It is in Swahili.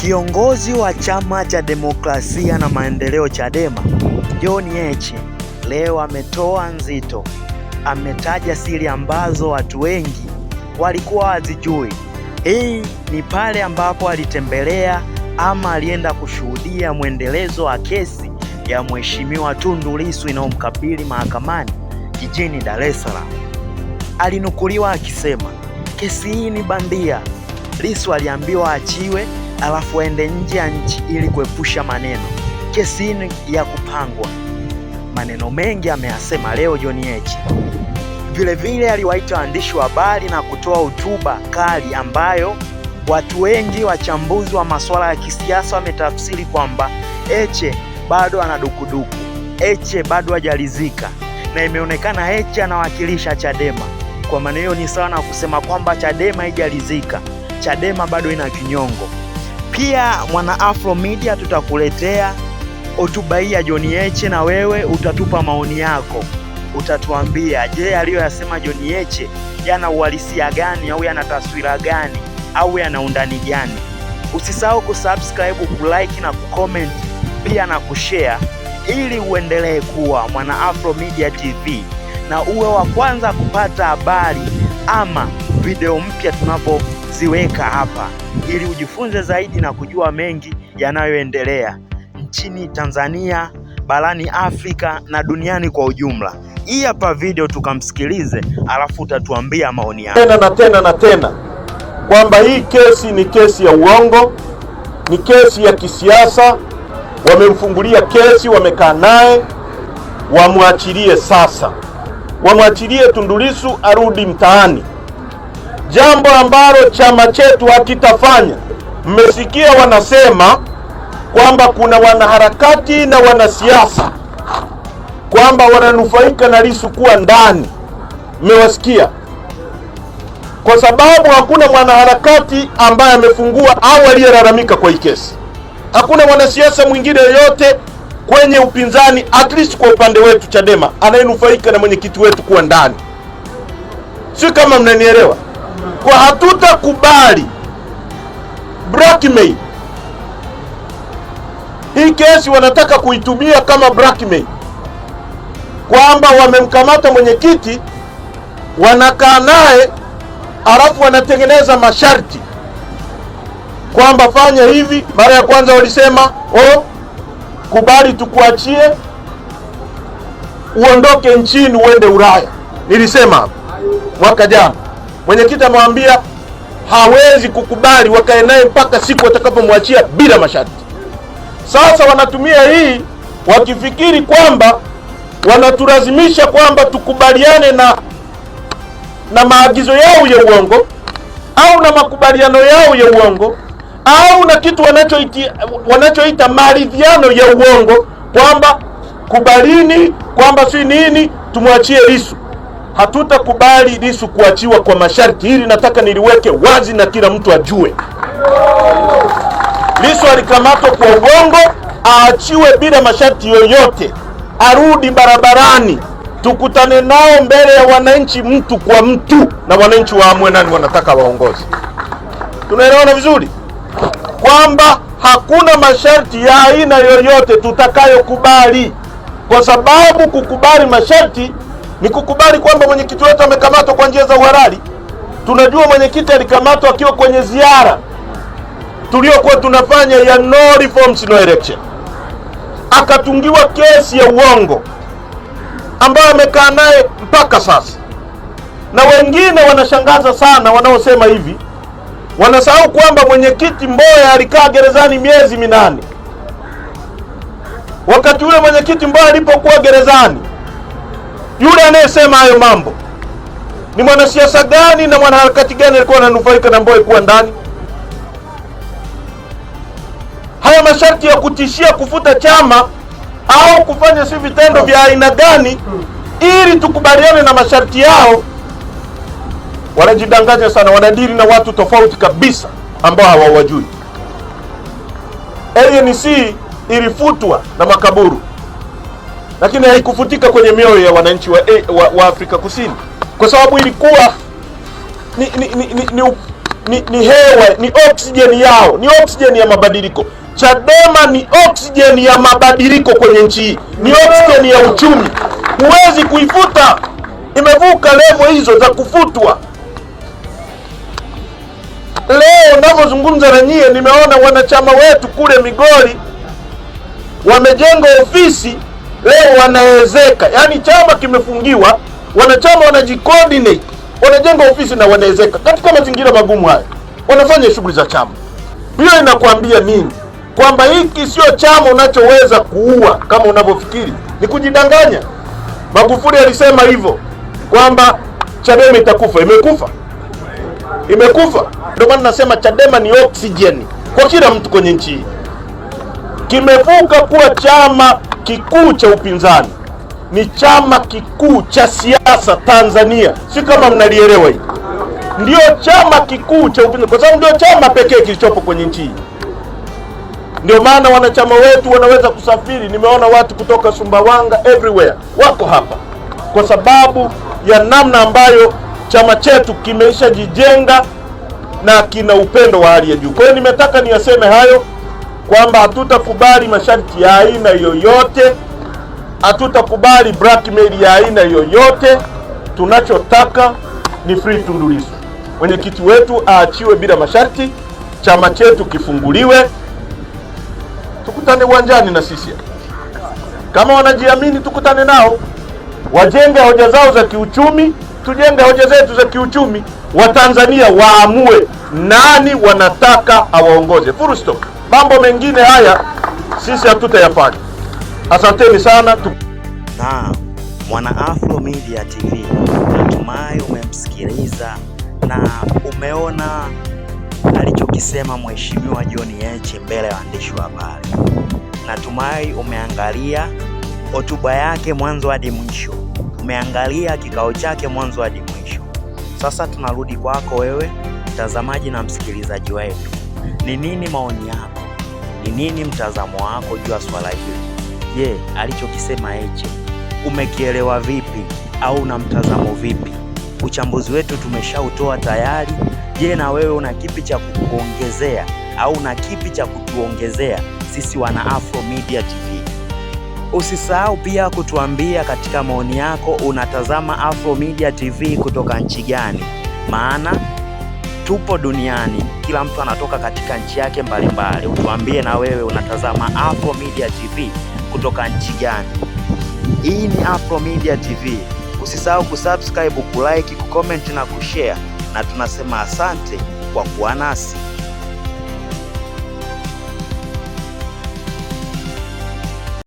Kiongozi wa Chama cha Demokrasia na Maendeleo Chadema, John Heche leo ametoa nzito, ametaja siri ambazo watu wengi walikuwa hawazijui. Hii ni pale ambapo alitembelea ama alienda kushuhudia mwendelezo wa kesi ya Mheshimiwa Tundu Lissu inayomkabili mahakamani jijini Dar es Salaam. Alinukuliwa akisema kesi hii ni bandia. Lissu aliambiwa achiwe alafu aende nje ya nchi ili kuepusha maneno. Kesi ya kupangwa, maneno mengi ameyasema leo John Heche. Vilevile aliwaita waandishi wa habari na kutoa hotuba kali ambayo watu wengi wachambuzi wa masuala ya kisiasa wametafsiri kwamba Heche bado ana dukuduku, Heche bado hajalizika, na imeonekana Heche anawakilisha Chadema. Kwa maana hiyo ni sawa na kusema kwamba Chadema haijalizika, Chadema bado ina kinyongo. Pia mwana Afro Media tutakuletea hotuba hii ya John Heche, na wewe utatupa maoni yako, utatuambia je, aliyoyasema John Heche yana uhalisia gani au yana taswira gani au yana undani gani? Usisahau kusubscribe, kulike na kucomment pia na kushare, ili uendelee kuwa mwana Afro Media TV na uwe wa kwanza kupata habari ama video mpya tunapoziweka hapa ili ujifunze zaidi na kujua mengi yanayoendelea nchini Tanzania, barani Afrika na duniani kwa ujumla. Hii hapa video tukamsikilize, alafu utatuambia maoni yako. Tena na tena na tena kwamba hii kesi ni kesi ya uongo, ni kesi ya kisiasa. Wamemfungulia kesi, wamekaa naye, wamwachilie sasa, wamwachilie Tundu Lissu arudi mtaani, jambo ambalo chama chetu hakitafanya. Mmesikia wanasema kwamba kuna wanaharakati na wanasiasa kwamba wananufaika na Lissu kuwa ndani, mmewasikia? Kwa sababu hakuna mwanaharakati ambaye amefungua au aliyelalamika kwa hii kesi, hakuna mwanasiasa mwingine yoyote kwenye upinzani, at least kwa upande wetu Chadema, anayenufaika na mwenyekiti wetu kuwa ndani, si kama mnanielewa kwa hatutakubali blackmail. Hii kesi wanataka kuitumia kama blackmail, kwamba wamemkamata mwenyekiti, wanakaa naye alafu wanatengeneza masharti kwamba fanya hivi. Mara ya kwanza walisema oh, kubali tukuachie uondoke nchini uende Ulaya. Nilisema hapo mwaka jana. Mwenyekiti amewambia hawezi kukubali wakae naye mpaka siku watakapomwachia bila masharti. Sasa wanatumia hii wakifikiri kwamba wanatulazimisha kwamba tukubaliane na na maagizo yao ya uongo au na makubaliano yao ya uongo au na kitu wanachoita wanachoita maridhiano ya uongo kwamba kubalini, kwamba si nini, tumwachie Lissu. Hatutakubali Lissu kuachiwa kwa masharti. Hili nataka niliweke wazi na kila mtu ajue. Lissu alikamatwa kwa uongo, aachiwe bila masharti yoyote, arudi barabarani, tukutane nao mbele ya wananchi, mtu kwa mtu, na wananchi waamue nani wanataka waongozi. Tunaelewana vizuri kwamba hakuna masharti ya aina yoyote tutakayokubali, kwa sababu kukubali masharti ni kukubali kwamba mwenyekiti wetu amekamatwa kwa njia za uhalali. Tunajua mwenyekiti alikamatwa akiwa kwenye ziara tuliyokuwa tunafanya ya no reforms no election, akatungiwa kesi ya uongo ambayo amekaa naye mpaka sasa. Na wengine wanashangaza sana, wanaosema hivi wanasahau kwamba mwenyekiti Mboya alikaa gerezani miezi minane. Wakati ule mwenyekiti Mboya alipokuwa gerezani yule anayesema hayo mambo ni mwanasiasa gani na mwanaharakati gani alikuwa ananufaika na mboe kuwa ndani? Haya masharti ya kutishia kufuta chama au kufanya si vitendo vya aina gani ili tukubaliane na masharti yao? Wanajidanganya sana, wanadiri na watu tofauti kabisa ambao hawawajui. ANC ilifutwa na makaburu lakini haikufutika kwenye mioyo ya wananchi wa, eh, wa, wa Afrika Kusini kwa sababu ilikuwa ni ni, ni, ni, ni, ni hewa ni oksijeni yao, ni oksijeni ya mabadiliko. Chadema ni oksijeni ya mabadiliko kwenye nchi hii, ni oksijeni ya uchumi. Huwezi kuifuta, imevuka levo hizo za kufutwa. Leo ninavyozungumza na nyie, nimeona wanachama wetu kule Migori wamejenga ofisi leo wanawezeka Yaani chama kimefungiwa, wanachama wanajicoordinate, wanajenga ofisi na wanawezeka katika mazingira magumu haya, wanafanya shughuli za chama. Hiyo inakuambia nini? Kwamba hiki sio chama unachoweza kuua kama unavyofikiri. Ni kujidanganya. Magufuli alisema hivyo kwamba Chadema itakufa. Imekufa, imekufa. Ndio maana nasema Chadema ni oksijeni kwa kila mtu kwenye nchi hii kimevuka kuwa chama kikuu cha upinzani, ni chama kikuu cha siasa Tanzania. Si kama mnalielewa hii ndio chama kikuu cha upinzani kwa sababu ndio chama pekee kilichopo kwenye nchi hii. Ndio maana wanachama wetu wanaweza kusafiri. Nimeona watu kutoka Sumbawanga everywhere wako hapa kwa sababu ya namna ambayo chama chetu kimeshajijenga na kina upendo wa hali ya juu. Kwa hiyo nimetaka niyaseme hayo kwamba hatutakubali masharti ya aina yoyote, hatutakubali blackmail ya aina yoyote. Tunachotaka ni free Tundu Lissu, mwenyekiti wetu aachiwe bila masharti, chama chetu kifunguliwe, tukutane uwanjani na sisi. Kama wanajiamini, tukutane nao, wajenge hoja zao za kiuchumi, tujenge hoja zetu za kiuchumi. Watanzania waamue nani wanataka awaongoze, full stop. Mambo mengine haya sisi hatutayafanya. Asanteni sana tu... mwana Afro Media TV, natumai umemsikiliza na umeona alichokisema mheshimiwa John Heche mbele ya waandishi wa habari. Natumai umeangalia hotuba yake mwanzo hadi mwisho, umeangalia kikao chake mwanzo hadi mwisho. Sasa tunarudi kwako wewe mtazamaji na msikilizaji wetu, ni nini maoni yako? Ni nini mtazamo wako juu ya swala hili? Je, alichokisema Heche umekielewa vipi au una mtazamo vipi? Uchambuzi wetu tumeshautoa tayari. Je, na wewe una kipi cha kukuongezea au una kipi cha kutuongezea sisi wana Afro Media TV? Usisahau pia kutuambia katika maoni yako, unatazama Afro Media TV kutoka nchi gani? Maana tupo duniani, kila mtu anatoka katika nchi yake mbalimbali. Utuambie na wewe unatazama Afro Media TV kutoka nchi gani? Hii ni Afro Media TV. Usisahau kusubscribe, kulike, kucomment na kushare, na tunasema asante kwa kuwa nasi.